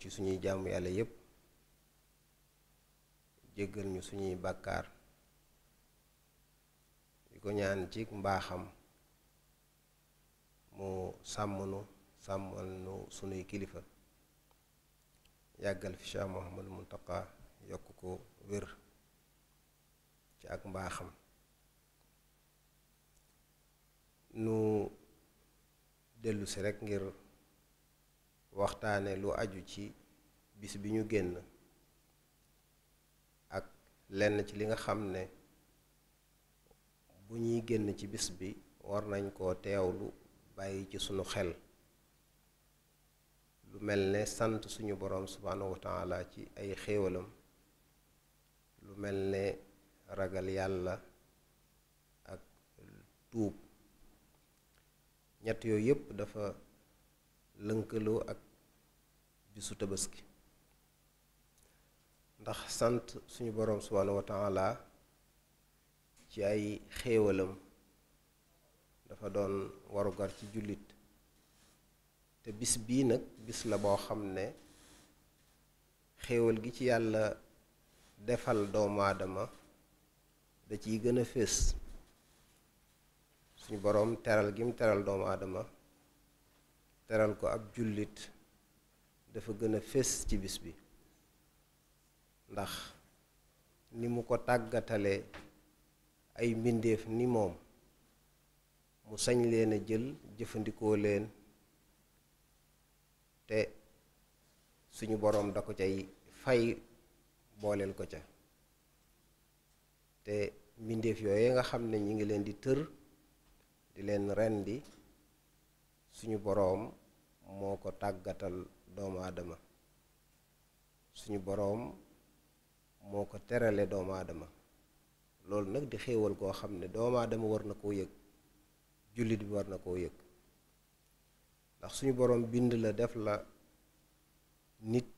ci suñuy jàmm yàlla yépp jéggal ñu suñuy bàkkaar di ko ñaan ci mbaaxam mu sàmm nu sàmmal nu suñuy kilifa yàggal fi Cheikh Mouhamadou Mountakha yokk ko wér ci ak mbaaxam nu dellusi rekk ngir waxtaane lu aju ci bis bi ñu génn ak lenn ci li nga xam ne bu ñuy génn ci bis bi war nañ koo teew lu bàyyi ci sunu xel lu mel ne sant suñu boroom subhaanahu wa taala ci ay xéewalam lu mel ne ragal yàlla ak tuub ñett yooyu yépp dafa lënkaloo ak bisu tabaski ndax sant suñu boroom subhaanahu wa taala ci ay xéewalam dafa doon warugar ci jullit te bis bii nag bis la boo xam ne xéewal gi ci yàlla defal doomu aadama da ciy gën a fés suñu boroom teral gi mu teral doomu aadama teral ko ab jullit dafa gën a fés ci bis bi ndax ni mu ko tàggatale ay mbindéef ni moom mu sañ leen a jël jëfandikoo leen te suñu boroom da ko cay fay booleel ko ca te mbindeef yooyu nga xam ne ñu ngi leen di tër di leen rendi suñu boroom moo ko tàggatal doomu adama suñu boroom moo ko terale doomu aadama loolu nag di xéewal koo xam ne doomu aadama war na koo yëg jullit bi war na koo yëg ndax suñu boroom bind la def la nit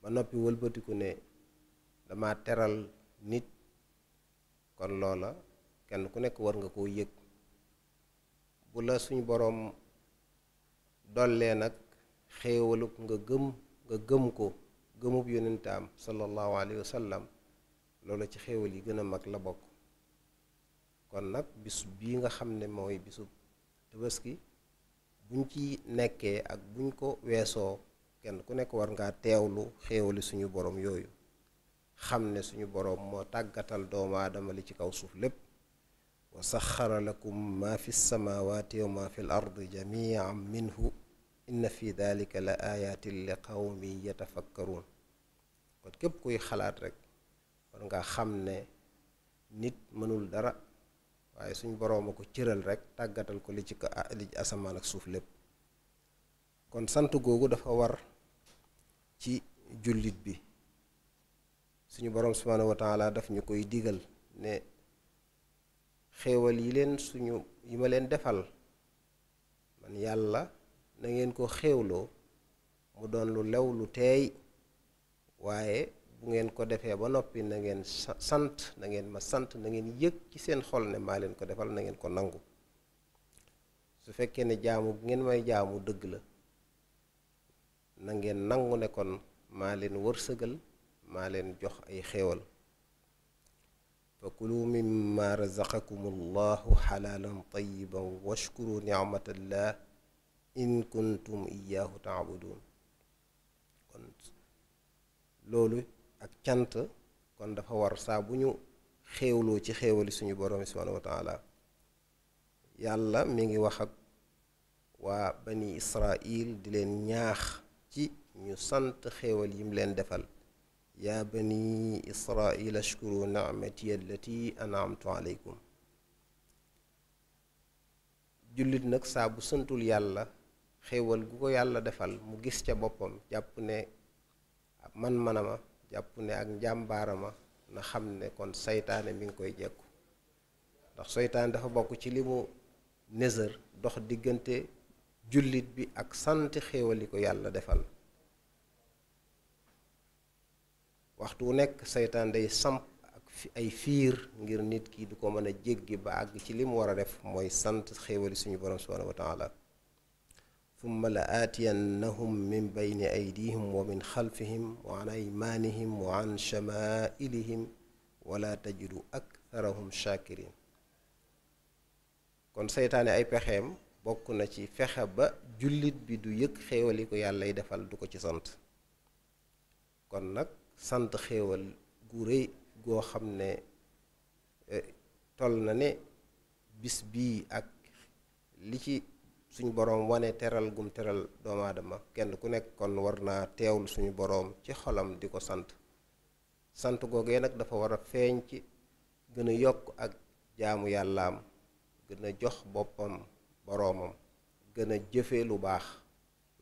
ba noppi wëlbatiku ne dama teral nit kon loola kenn ku nekk war nga koo yëg bu la suñu boroom dollee nag xéewaluk nga gëm nga gëm ko gëmub yonentaam sallallahu alayhi wa sallam loolu ci xéewal yi gën a mag la bokk kon nag bis bii nga xam ne mooy bisub tabaski buñ ci nekkee ak buñ ko weesoo kenn ku nekk war ngaa teewlu xéewali suñu boroom yooyu xam ne suñu boroom moo tàggatal doomu aadama li ci kaw suuf lépp wa saxara lakum ma fi samawati wa fi l ardi jamian minhu inna fi daalika la ayatin li qawmi yatafakkaruun kon képp kuy xalaat rek war nga xam ne nit mënul dara waaye suñ borooma ko cëral rek tàggatal ko li ci ko asamaan ak suuf lépp kon sant googu dafa war ci jullit bi suñu boroom subhaanahu wa taala daf ñu koy digal ne xéewal yi leen suñu yi ma leen defal man yàlla na ngeen ko xéewloo mu doon lu lew lu teey waaye bu ngeen ko defee ba noppi na ngeen sant na ngeen ma sant na ngeen yëg ci seen xol ne maa leen ko defal nangeen ko nangu su fekkee ne jaamu ngeen may jaamu dëgg la na ngeen nangu ne kon maa leen wërsëgal maa leen jox ay xéewal fa kulu mimma razaqakum allahu xalaalan tayiban washkuru nicmatallah in kuntum iyaahu taabudun kon loolu ak cant kon dafa war saa bu ñu xewloo ci xéewali suñu borom subhaanahu wa taala yàlla mi ngi wax ak waa bani israil di leen ñaax ci ñu sant xéewal yim leen defal yaa bani israil ashkuru nicmati allati anamtu aleykum jullit nag saa bu santul yàlla xéewal gu ko yàlla defal mu gis ca boppam jàpp ne man mana ma jàpp ne ak njàmbaara ma na xam ne kon seytaane mi ngi koy jekku ndax saytaane dafa bokk ci li mu nésër dox diggante jullit bi ak sant xéewal ko yàlla defal waxtu wu nekk saytaan day samp ak ay fiir ngir nit ki du ko mën a jéggi ba àgg ci li mu war a def mooy sant xéewali suñu borom subhanahu wa taala ثم لآتينهم من بين أيديهم ومن خلفهم وعن أيمانهم وعن شمائلهم ولا تجد أكثرهم شاكرين kon seytaane ay pexeem bokk na ci fexe ba jullit bi du yëg xéewal ko yàllay defal du ko ci sant kon nag sant xéewal gu rëy goo xam ne eh, toll na ne bis bii ak li ci suñu boroom wane teral gum teral doomu aadama kenn ku nekk kon war naa teewul suñu boroom ci xolam di ko sant sant googee nag dafa war a feeñ ci gën a yokk ak jaamu yàllaam gën a jox boppam boroomam gën a jëfe lu baax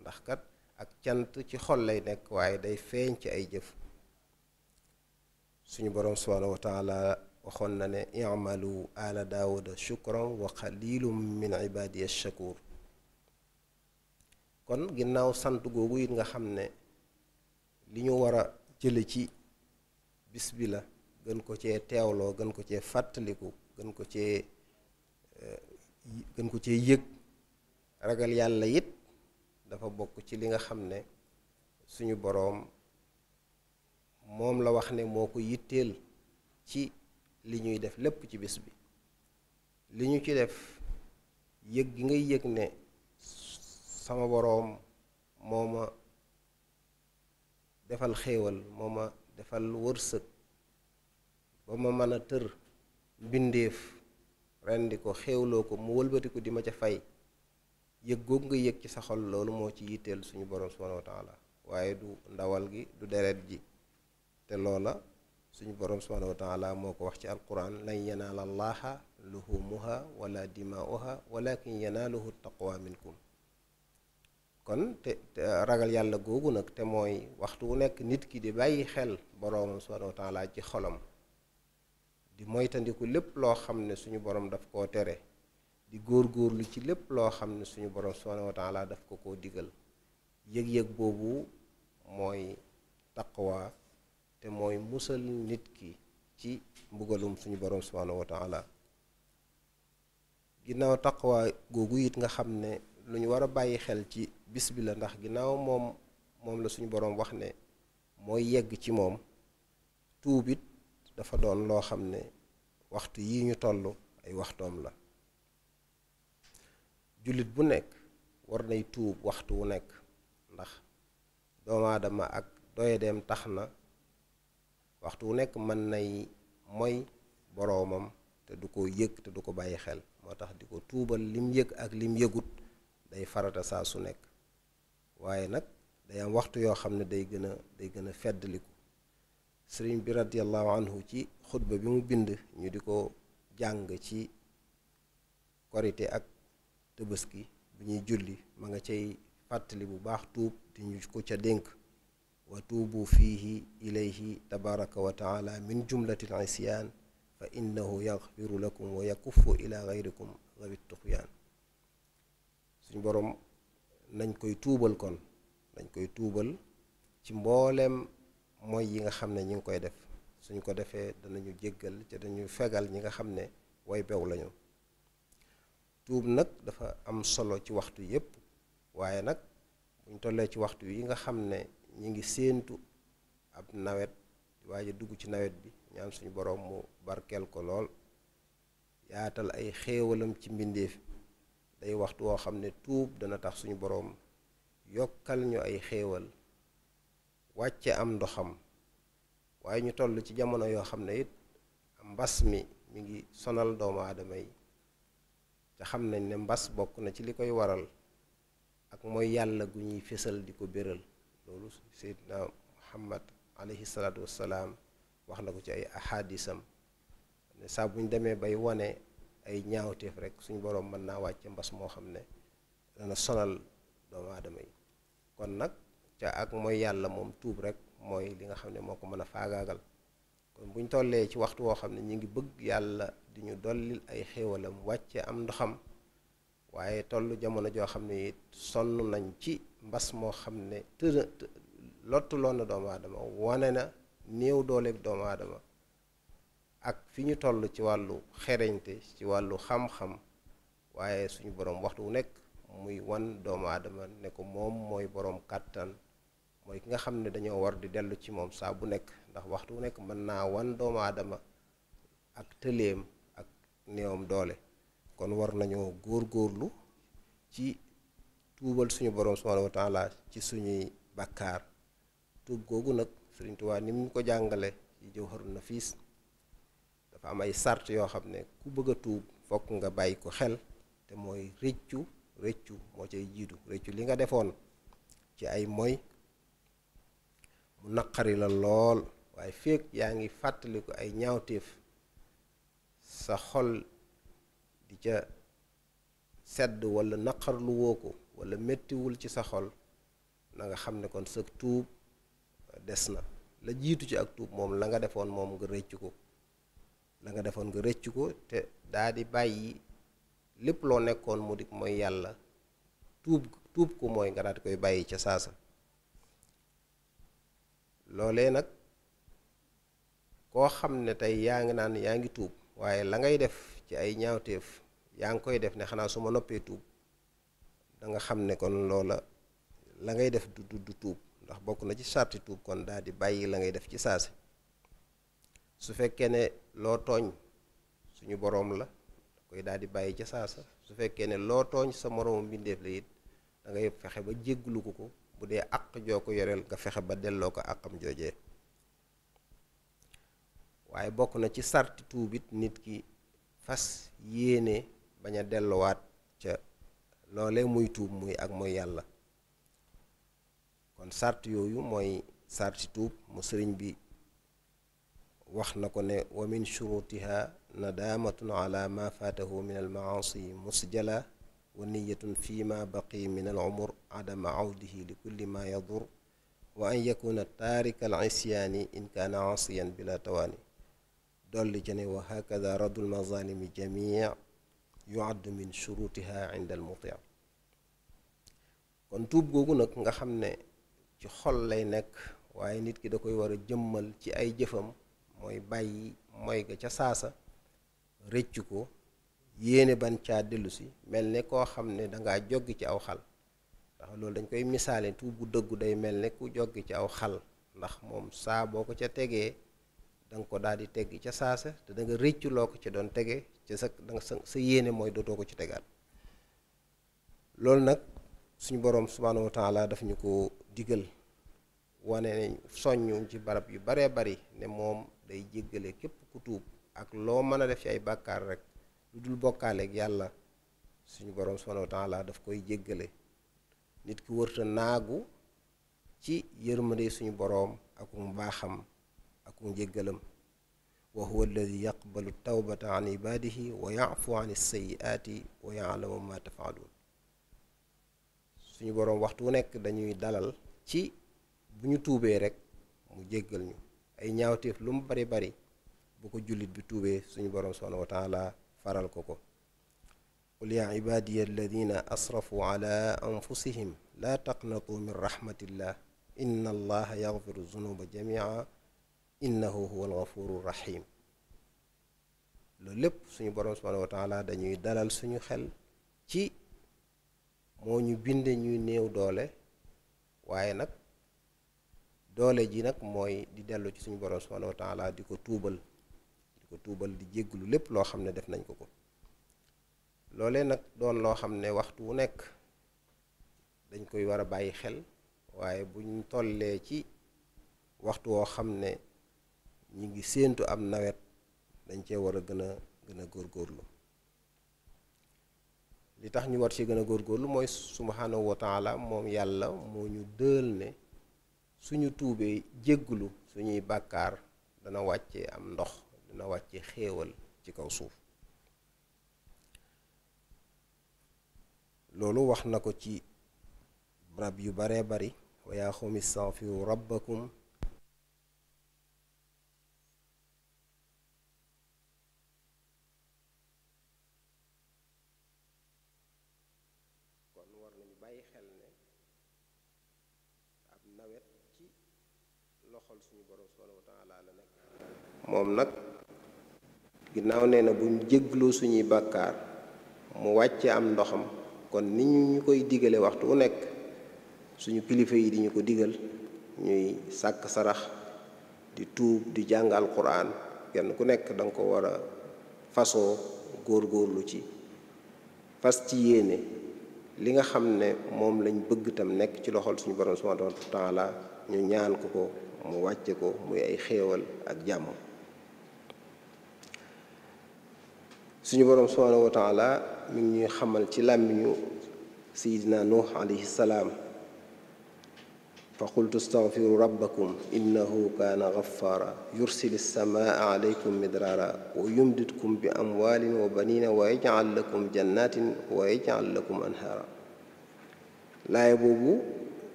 ndax kat ak cant ci xol lay nekk waaye day feeñ ci ay jëf suñu boroom subhaanahu wa waxoon na ne i'malu ala daawuda shukran wa qalilum min ibadiya shakur kon ginnaaw sant googu it nga xam ne li ñu war a jële ci bis bi la gën ko cee teewloo gën ko cee fàttaliku gën ko cee eh, gën ko cee yëg ragal yàlla it dafa bokk ci li nga xam ne suñu boroom moom la wax ne moo ko yitteel ci li ñuy def lépp ci bis bi li ñu ci def yëg gi ngay yëg ne sama boroom moo ma defal xéewal moo ma defal wërsëg ba ma mën a tër mbindeef rendi ko xéewloo ko mu wëlbatiku di ma ca fay yëg googu nga yëg ci sa xol loolu moo ci yitteel suñu boroom subhaanahu wa waaye du ndawal gi du deret ji te loola suñu boroom subhaanahu wa taala moo ko wax ci alquran lan yanaala allaha luhumuha wala dimaa'uha walakin yanaaluhu taqwa minkum kon te ragal yàlla googu nag te mooy waxtu wu nekk nit ki di bàyyi xel boroomam subhaanahu wa taala ci xolam di moytandiku lépp loo xam ne suñu borom daf koo tere di góor-góorlu ci lépp loo xam ne suñu borom subhaanahu wa taala daf ko koo digal yëg-yëg boobu mooy taqwa te mooy musal nit ki ci mbugalum suñu borom subhaanahu wa taala ginnaaw taqwa googu it nga xam ne lu ñu war a bàyyi xel ci bis bi la ndax ginnaaw moom moom la suñu boroom wax ne mooy yegg ci moom tuub dafa doon loo xam ne waxtu yi ñu tollu ay waxtoom la jullit bu nekk war nay tuub waxtu wu nekk ndax doomu aadama ak doyadeem tax na waxtu wu nekk mën nay moy boroomam te du ko yëg te du ko bàyyi xel moo tax di ko tuubal lim yëg ak lim yëgut day farata saa su nekk waaye nag day am waxtu yoo xam ne day gën a day gën a feddliku sëriñ bi radiallahu anhu ci xutba bi mu bind ñu di ko jàng ci korite ak tëbaski bu ñuy julli ma nga cay fàttali bu baax tuub di ko ca dénk wa tuubu fiihi ilayhi tabaraka wa taala min jumlati al isyaan fa innahu yaxfiru lakum wa yakuffu ila gayrikum gawi tuxyaan suñ boroom nañ koy tuubal kon nañ koy tuubal ci mbooleem mooy yi nga xam ne ñi ngi koy def suñ ko defee danañu jéggal te dañu fegal ñi nga xam ne woy bew lañu tuub nag dafa am solo ci waxtu yépp waaye nag buñ tollee ci waxtu yi nga xam ne ñi ngi séentu ab nawet waaye dugg ci nawet bi ñaan suñu boroom mu barkeel ko lool yaatal ay xéewalam ci mbindeef day waxtu woo xam ne tuub dana tax suñu boroom yokkal ñu ay xéewal wàcce am ndoxam waaye ñu toll ci jamono yoo xam ne it mbas mi mi ngi sonal doomu aadama yi te xam nañ ne mbas bokk na ci li koy waral ak mooy yàlla gu ñuy fësal di ko béral loolu seydina muhammad aleyhi salaatu wassalaam wax na ko ci ay ahadisam ne saa buñ demee bay wane ay ñaawteef rek suñu boroom mën naa wàcce mbas moo xam ne dana sonal doomu aadama yi kon nag ca ak mooy yàlla moom tuub rek mooy li nga xam ne moo ko mën a faagaagal kon buñ tollee ci waxtu woo xam ne ñu ngi bëgg yàlla di ñu dollil ay xéewalam wàcce am ndoxam waaye toll jamono joo xam ne it sonn nañ ci mbas moo xam ne të lottu loon na doomu aadama wane na néew dooleeg doomu aadama ak fi ñu toll ci wàllu xereñte ci wàllu xam-xam waaye suñu boroom waxtu wu nekk muy wan doomu aadama ne ko moom mooy boroom kàttan mooy ki nga xam ne dañoo war di dellu ci moom saa bu nekk ndax waxtu wu nekk mën naa wan doomu adama ak tëleem ak néewam doole kon war nañoo góor-góorlu ci tuubal suñu boroom subhaanahu wa ci suñuy bàkkaar tuub googu nag Sëriñ Tuubaa ni mu ko jàngale ci Jawharun Nafiis dafa am ay sart yoo xam ne ku bëgg a tuub fokk nga bàyyi ko xel te mooy rëccu rëccu moo cay jiitu rëccu li nga defoon ci ay moy mu naqari la lool waaye feek yaa ngi fàttaliku ay ñaawteef sa xol di ca sedd walla naqarlu ko wala mettiwul ci sa xol na nga xam ne kon sa tuub des na la jiitu ci ak tuub moom la nga defoon moom nga rëccu ko la defoon nga rëcc ko te daa bàyyi lépp loo nekkoon mu di mooy yàlla tuub tuub ko mooy nga daal koy bàyyi ca saasa loolee nag koo xam ne tey yaa ngi naan yaa ngi tuub waaye la ngay def ci ay ñaawteef yaa ngi koy def ne xanaa suma noppee tuub danga xam ne kon loola la ngay def du du tuub ndax bokk na ci sarti tuub kon daal di bàyyi la ngay def ci saasi su fekkee ne loo tooñ suñu boroom la koy daldi bàyyi ca saasa su fekkee ne loo tooñ sa moroomu mbindeef la it da fexe ba jégglu ko ko bu dee ak joo ko yoreel nga fexe ba delloo ko ak am joojee waaye bokk na ci sart sarti tuubit nit ki fas yéene bañ a delluwaat ca loolee muy tuub muy ak mooy yàlla kon sart yooyu mooy sarti tuub mu sëriñ bi wax na ko ne wa min shurutiha nadaamatun ala ma faatahu min almaasi musjala wa niyatun fi baqi min alumur adama awdihi li kulli ma yadur wa an yakuna taarika al isyaani in kaana asiyan bila tawaani dolli ca ne wa hakada raddul al muti kon tuub googu nag nga xam ne ci xol nekk waaye nit ki da koy war a jëmmal ci ay jëfam mooy bàyyi moy ga ca saasa rëcc ko yéene ban caa dellusi mel ne koo xam ne dangaa joggi ci aw xal ndax loolu dañ koy misaale tuub bu dëggu day mel ne ku joggi ci aw xal ndax moom saa boo ko ca tegee danga ko daal di teg ca saasa te danga rëccu loo ko ci doon tege ca sa danga sa yéene mooy dootoo ko ci tegaat loolu nag suñu boroom subhaanahu wa taala ñu ko digal wane ne soññ ci barab yu baree bari ne moom day jéggale képp ku tuub ak loo mën a def ci ay bàkkaar rek lu dul bokkaaleek yàlla suñu borom subhanahu wa taala daf koy jéggale nit ki wërta naagu ci yërmande suñu boroom ak mu baaxam ak mu jéggalam wa huwa alladi yaqbalu tawbata an ibaadihi wa yafu suñu boroom waxtu nekk dañuy dalal ci bu ñu tuubee rek mu jéggal ñu ay ñaawteef lu mu bari bari bu ko jullit bi tuubee suñu boroom subhaanahu wa faral ko ko qul yaa ibaadiya alladina asrafu ala anfusihim laa taqnatu min raxmatillah inna allaha yaxfiru zunuba jamia innahu huwa alxafuru rahim loolu lépp suñu boroom subhaanahu wa dañuy dalal suñu xel ci moo ñu binde ñuy néew doole waaye nag doole ji nag mooy di dellu ci suñu borom subhanahu wa taala di ko tuubal di ko tuubal di jégglu lépp loo xam ne def nañ ko ko loolee nag doon loo xam ne waxtu wu nekk dañ koy war a bàyyi xel waaye buñ tollee ci waxtu woo xam ne ñi ngi séentu am nawet dañ cee war a gën a gën a góor góorlu li tax ñu wat ci gën a góorgóorlu mooy subhanahu wa taala moom yàlla moo ñu dël ne suñu tuubee jégglu suñuy bàkkaar dana wàcce am ndox dana wàcce xéewal ci kaw suuf loolu wax na ko ci rab yu baree bari wa yaa qawmi staghfiru moom nag ginnaaw nee na buñ jéggloo suñuy bàkkaar mu wàcce am ndoxam kon ni ñu koy digale waxtu wu nekk suñu kilifa yi di ñu ko digal ñuy sàkk sarax di tuub di jàngal alquran kenn ku nekk da nga ko war a fasoo góorgóorlu ci fas ci yéene li nga xam ne moom lañ bëgg tam nekk ci loxol suñu borom subhanahu wa taala ñu ñaan ko ko mu wàcce ko muy ay xéewal ak jàmm suñu borom subhanahu wa taala mi ngi ñuy xamal ci làmmiñu sayidina nuux alayhi salaam fa qultu astaghfiru rabbakum innahu kaana ghaffara yursili samaa alaykum midraara wa yumditkum bi amwaalin wa banina lakum jannatin wa lakum anhaara laaya boobu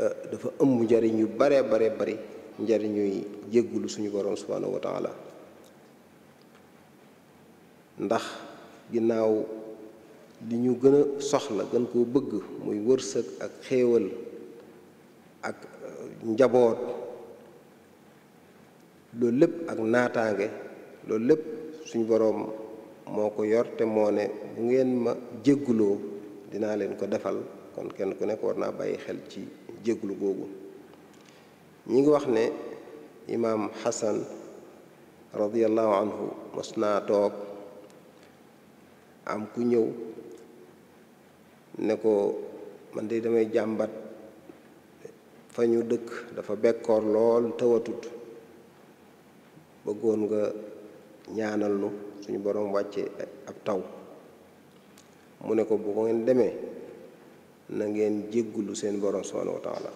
euh, dafa ëmb njariñ yu bare bare bari njariñuy jéggulu suñu borom subhanahu wa taala ndax ginnaaw li ñu gën a soxla gën koo bëgg muy wërsëg ak xéewal ak euh, njaboot loolu lépp ak naataange loolu lépp suñ boroom moo ko yor te moo ne bu ngeen ma jégguloo dinaa leen ko defal kon kenn ku nekk war naa bàyyi xel ci jégglu googu ñi ngi wax ne imaam Xasan radiallahu anhu mos naa toog am ku ñëw ne ko man de damay jàmbat fa ñu dëkk dafa bekkoor lool tawatut bëggoon nga ñaanal nu suñu boroom wàcce ak taw mu ne ko bu ko ngeen demee na ngeen jéggulu seen boroom subhanahu wa taala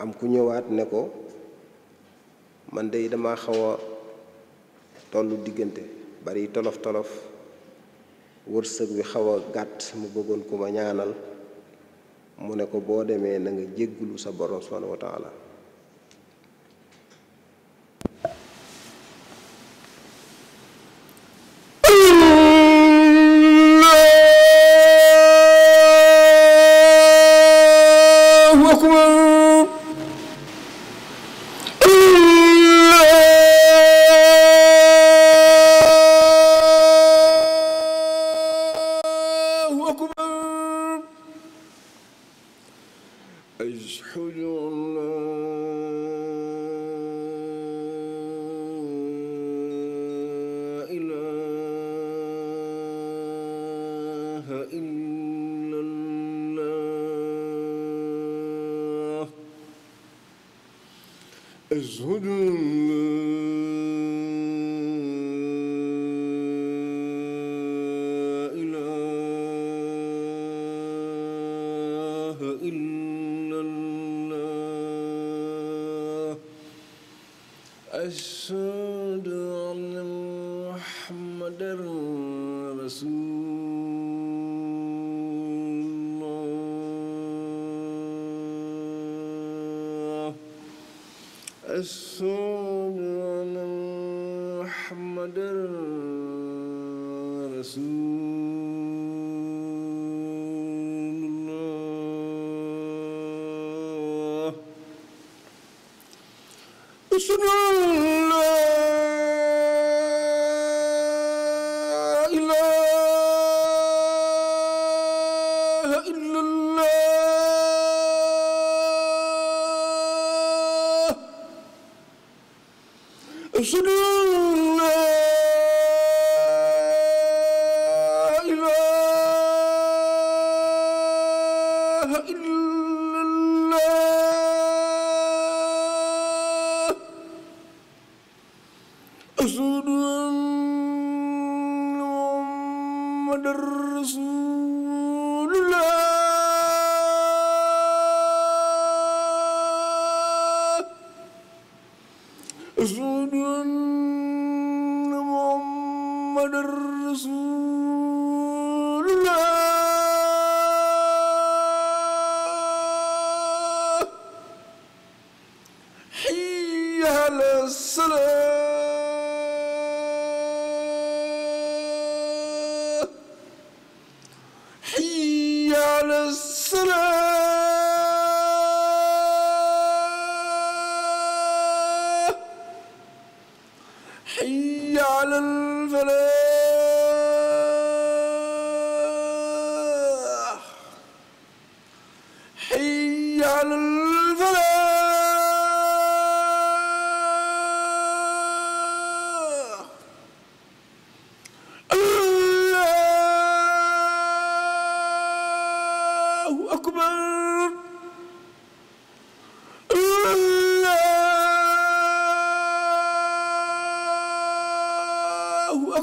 am ku ñëwaat ne ko man de dama xawa tollu diggante bari tolof tolof wërsëg wi xaw a gàtt mu bëggoon ku ma ñaanal mu ne ko boo demee na nga jéggulu sa borom subhanahu wa taala اشهدوا illallah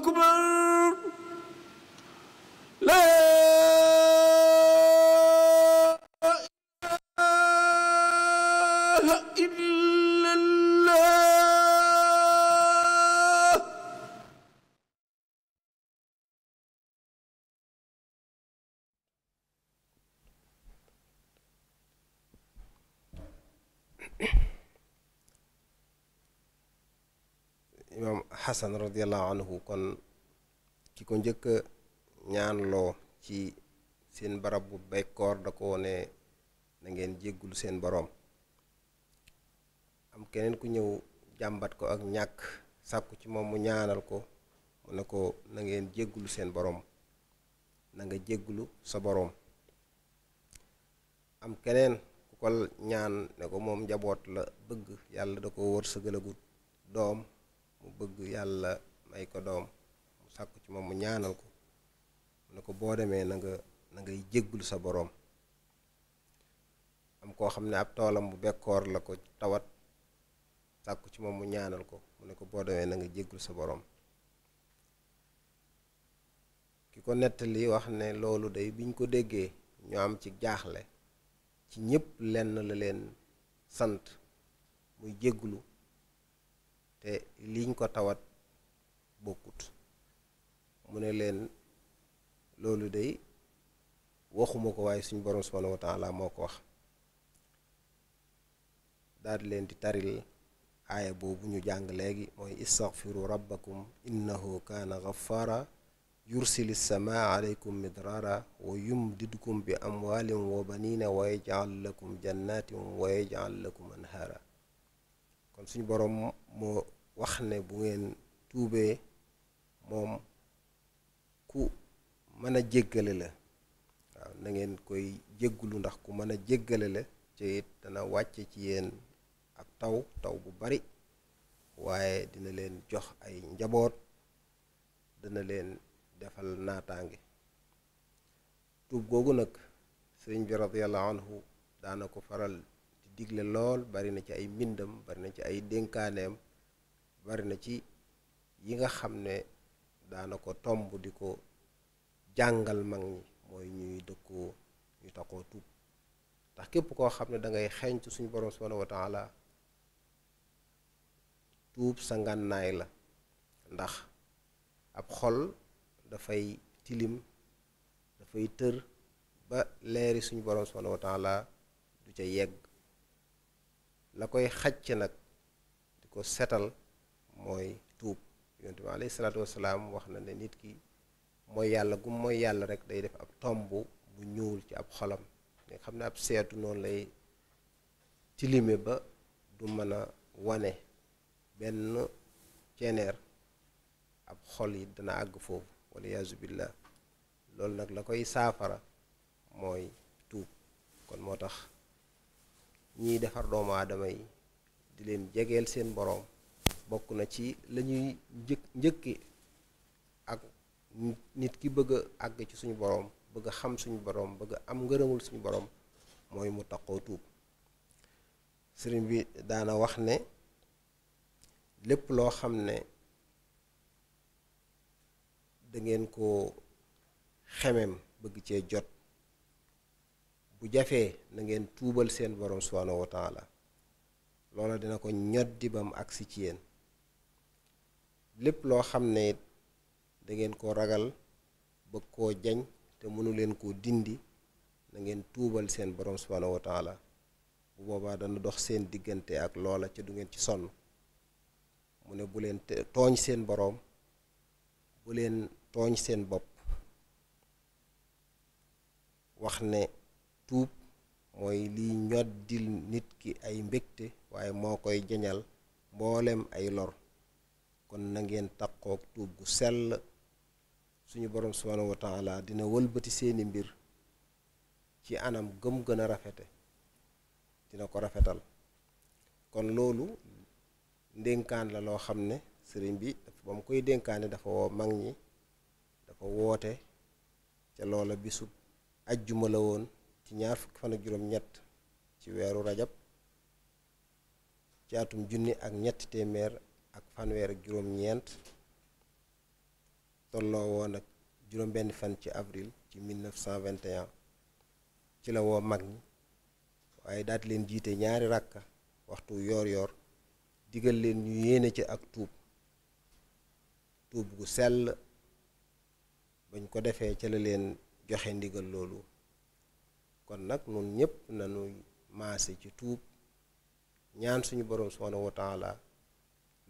أكبر xasan radiallahu anhu kon ki ko njëkk ñaanloo ci seen barab bu bekkoor da ko ne na ngeen seen boroom am keneen ku ñëw jàmbat ko ak ñàkk sàkku ci moom mu ñaanal ko mu ne ko na ngeen jéggulu seen boroom na nga jéggulu sa boroom am keneen ku ko ñaan ne ko moom njaboot la bëgg yàlla da ko wërsëgalagut doom mu bëgg yàlla may ko doom mu sàkku ci moom mu ñaanal ko mu ne ko boo demee na nangay na jéggul sa boroom am koo xam ne ab toolam bu bekkoor la ko tawat sàkku ci moom mu ñaanal ko mu ne ko boo demee na nga jéggul sa boroom ki ko nettali wax ne loolu day biñ ko déggee ñu am ci jaaxle ci ñépp lenn la leen sant muy jéggulu te liñ ko tawat bokkut mu ne leen loolu day waxuma ko waaye suñ borom subhanahu wa moo ko wax daal leen di taril aaya boobu ñu jàng leegi mooy istaghfiru rabbakum innahu kaana ghaffara yursili samaa alaykum midraara wa yumdidkum bi amwaalin wa banina wa yaj'al lakum jannatin wa yaj'al lakum anhaara kon suñ borom moo wax ne bu ngeen tuubee moom ku mën a jéggale la waaw na koy jéggulu ndax ku mën a jéggale la ci it dana wàcce ci yéen ab taw taw bu bari waaye dina leen jox ay njaboot dana leen defal naataange tuub googu nag sëriñ bi radiallahu anhu daana ko faral di digle lool bari na ci ay mbindam bari na ci ay dénkaaneem bari na ci yi nga xam ne daana ko tomb di ko jàngal mag ñi mooy ñuy dëkkoo ñu taxoo tuub ndax képp koo xam ne dangay xeeñc suñu borom subhanahu wa taala tuub sa ngànnaay la ndax ab xol dafay tilim dafay tër ba leeri suñu borom subhanahu wa taala du ca yegg la koy xacc nag di ko setal mooy tuub yonent bi alayhi salaatu wasalaam wax na ne nit ki mooy yàlla gum mooy yàlla rek day def ab tomb bu ñuul ci ab xolam nga xam ne ab seetu noonu lay tilime ba du mën a wane benn ceneer ab xol yi dana àgg foofu wala yaasu billah loolu nag la koy saafara mooy tuub kon moo tax ñiy defar doomu aadama yi di leen jegeel seen boroom bokk na ci lañuy ñuy ak nit ki bëgg a àgg ci suñu boroom bëgg xam suñu boroom bëgg am ngërëmul suñu boroom mooy mu taqoo tuub sëriñ bi daana wax ne lépp loo xam ne dangeen ko xemem bëgg cee jot bu jafee nangeen tuubal seen boroom subhaanahu wa taala loola dina ko ñoddi bam agsi ci yéen lépp loo xam ne dangeen da koo ragal bëgg koo jañ te mënu leen koo dindi na ngeen tuubal seen borom subhaanahu wa taala bu boobaa dana dox seen diggante ak loola ca du ngeen ci sonn mu ne bu leen tooñ seen boroom bu tooñ seen bopp wax ne tuub mooy liy ñoddil nit ki ay mbégte waaye moo koy jañal mbooleem ay lor kon na ngeen taqoog tuub gu sell suñu boroom subhaanahu dina wëlbati seeni mbir ci anam gëm gën a rafete dina ko rafetal kon loolu ndénkaan la loo xam ne sëriñ bi ba mu koy dénkaane dafa woo mag ñi dafa woote ca loola bisu ajjuma la woon ci ñaar fukki fan juróom-ñett ci weeru rajab ci atum junni ak ñetti téeméer fanweer ak juróom-ñeent tolloo woon ak juróom-benn fan ci avril ci 1921 ci la woo mag ñi waaye daat leen jiite ñaari ràkka waxtu yoor-yoor digal leen ñu yéene ci ak tuub tuub gu sell bañ ko defee ca la leen joxe ndigal loolu kon nag nun ñépp nañu maase ci tuub ñaan suñu boroom subhaanahu wa taala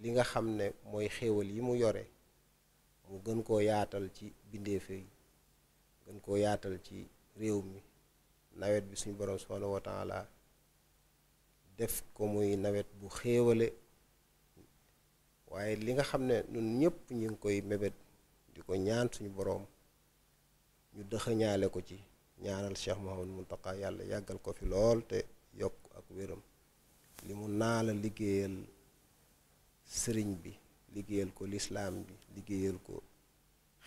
li nga xam ne mooy xéewal yi mu yore mu gën koo yaatal ci bindeefe yi gën koo yaatal ci réew mi nawet bi suñu borom subhanahu wa taala def ko muy nawet bu xéewale waaye li nga xam ne ñun ñëpp ñu ngi koy mebet di ko ñaan suñu boroom ñu dëxëñaale ko ci ñaanal Cheikh Mouhamadou Mountakha yàlla yàggal ko fi lool te yokk ak wéram li mu naa la liggéeyal sëriñ bi liggéeyal ko lislaam bi liggéeyal ko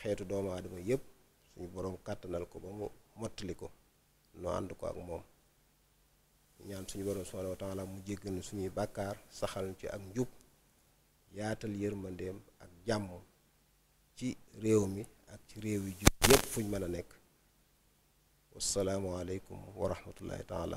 xeetu doomu aadama yépp suñu boroom kàttanal ko ba mu mottali ko noo ànd ko ak moom ñaan suñu boroom subhaanahu wa taala mu jéggal nu suñuy bàkkaar saxal ci ak njub yaatal yërmandeem ak jàmm ci réew mi ak ci réew yi jub yépp fuñ mën a nekk wasalaamualeykum wa rahmatullahi taala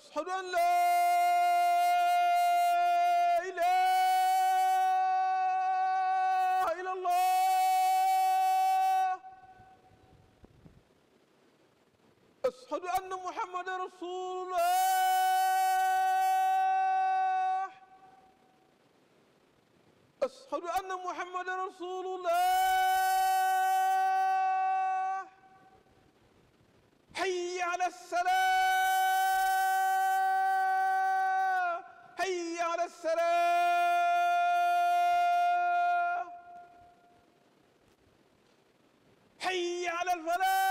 أشهد أن لا إله إلا الله أشهد أن محمد رسول الله أشهد أن محمد رسول الله حي على السلام السلام حي على الفلاح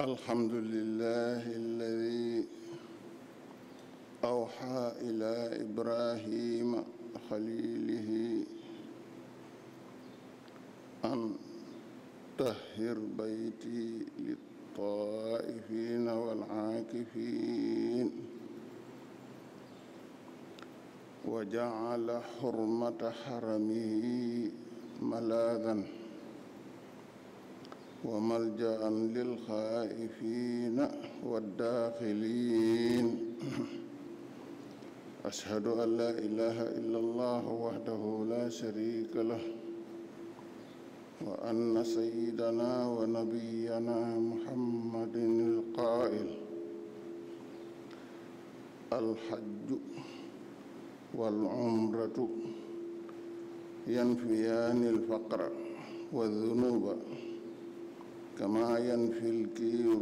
الحمد لله الذي أوحى إلى إبراهيم خليله أن طهر بيتي للطائفين والعاكفين وجعل حرمة حرمه ملاذا وملجأ للخائفين والداخلين أشهد أن لا إله إلا الله وحده لا شريك له وأن سيدنا ونبينا محمد القائل الحج والعمرة ينفيان الفقر والذنوب كما ينفي الكير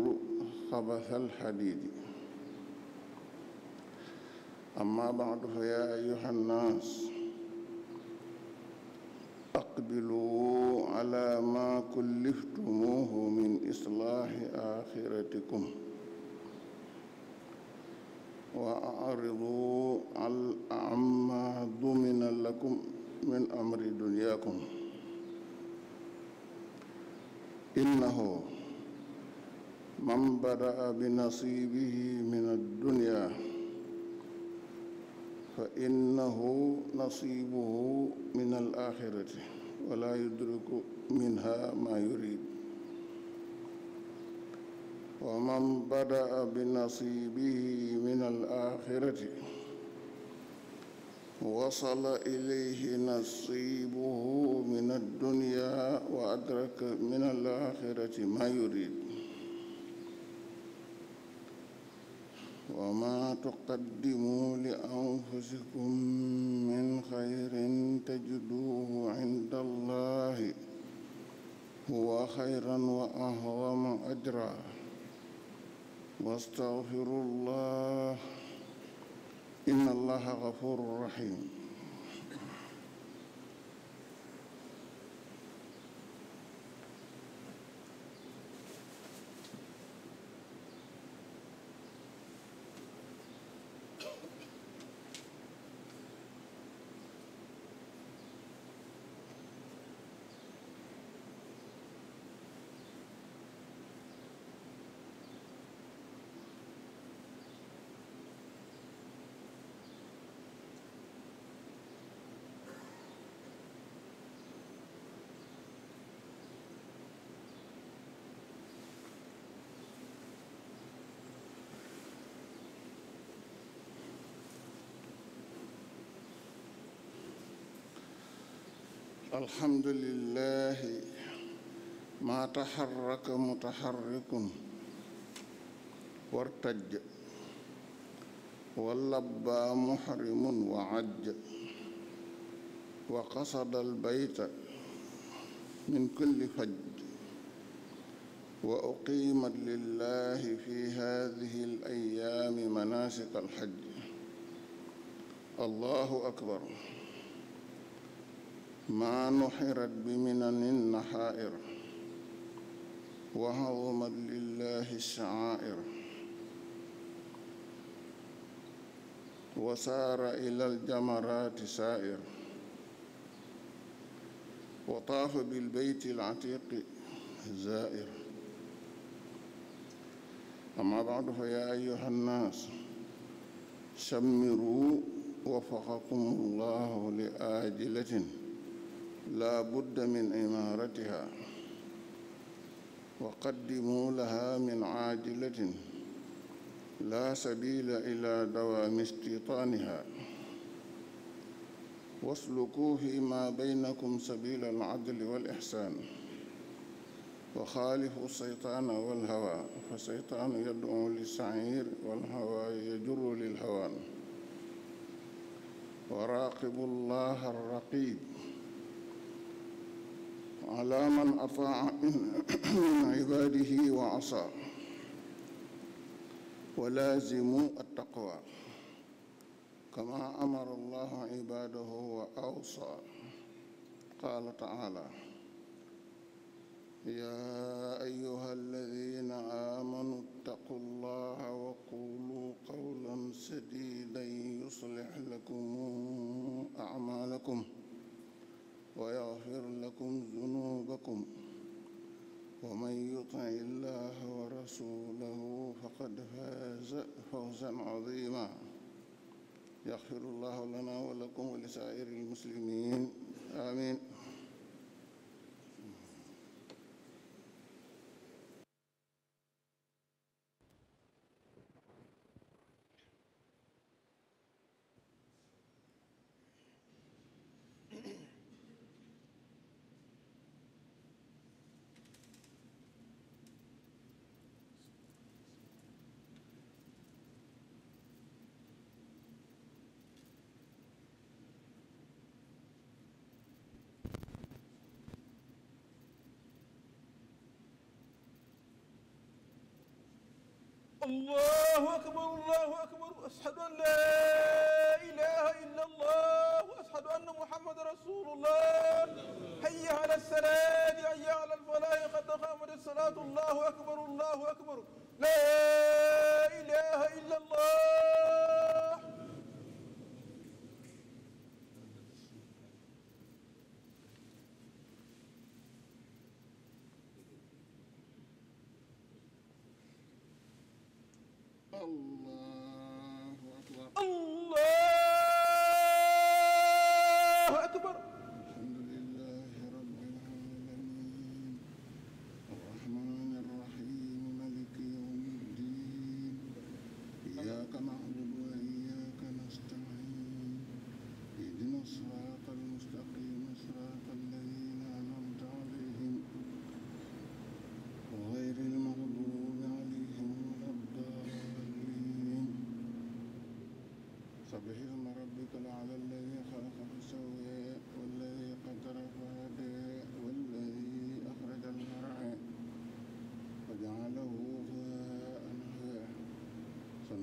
خبث الحديد أما بعد فيا أيها الناس أقبلوا على ما كلفتموه من إصلاح آخرتكم وأعرضوا عما ضمن لكم من أمر دنياكم إنه من بدأ بنصيبه من الدنيا فإنه نصيبه من الآخرة ولا يدرك منها ما يريد ومن بدأ بنصيبه من الآخرة وصل إليه نصيبه من الدنيا وأدرك من الآخرة ما يريد وما تقدموا لأنفسكم من خير تجدوه عند الله هو خيرا وأعظم أجرا واستغفروا الله inna allaha gafurun rahim الحمد لله ما تحرك متحرك وارتج واللبى محرم وعج وقصد البيت من كل فج وأقيمت لله في هذه الأيام مناسك الحج الله أكبر ما نحرت بمنن النحائر وهضمت لله الشعائر وسار إلى الجمرات سائر وطاف بالبيت العتيق زائر أما بعد فيا أيها الناس شمروا وفقكم الله لآجلة لا بد من إمارتها وقدموا لها من عاجلة لا سبيل إلى دوام استيطانها واسلكوا فيما بينكم سبيل العدل والإحسان وخالفوا الشيطان والهوى فالشيطان يدعو للسعير والهوى يجر للهوان وراقبوا الله الرقيب على من أطاع من عباده وعصى ولازموا التقوى كما أمر الله عباده وأوصى قال تعالى يا أيها الذين آمنوا اتقوا الله وقولوا قولا سديدا يصلح لكم أعمالكم ويغفر لكم ذنوبكم ومن يطع الله ورسوله فقد فاز فوزا عظيما يغفر الله لنا ولكم ولسائر المسلمين آمين الله أكبر الله أكبر أشهد أن لا إله إلا الله وأشهد أن محمد رسول الله حي على الصلاة حي على الفلاح قد قامت الصلاة الله أكبر الله أكبر لا إله إلا الله الله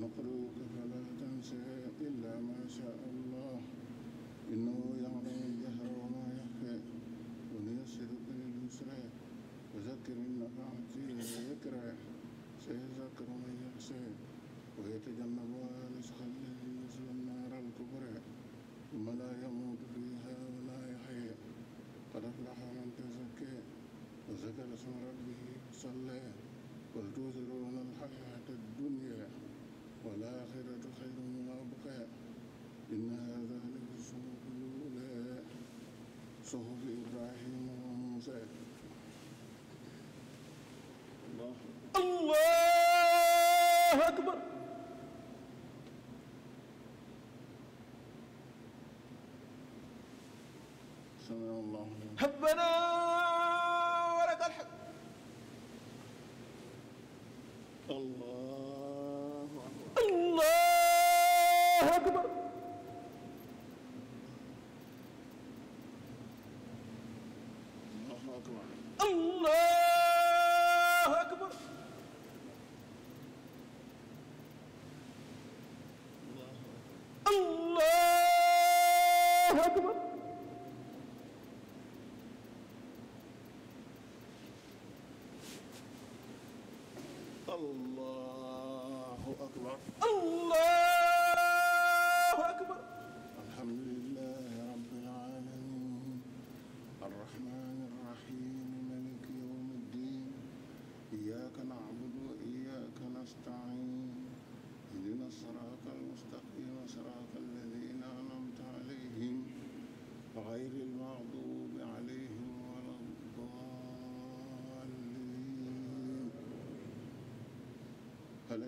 مخلوق فلا تنسى إلا ما شاء الله إنه يعلم الجهر وما يخفى ونيسرك لليسرى وذكر إن نفعت ذكرى سيذكر من يخشى ويتجنبها الأشقى الذي يصلى النار الكبرى ثم لا يموت فيها ولا يحيى قد أفلح من تزكى وذكر اسم ربه صلى بل تؤثرون الحياة الدنيا والآخرة خير وأبقى إن هذا لفي الصحف الأولى صحف إبراهيم وموسى الله الله أكبر سمع الله ربنا ولك الحمد الله akbar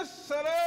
asalaamaaleykum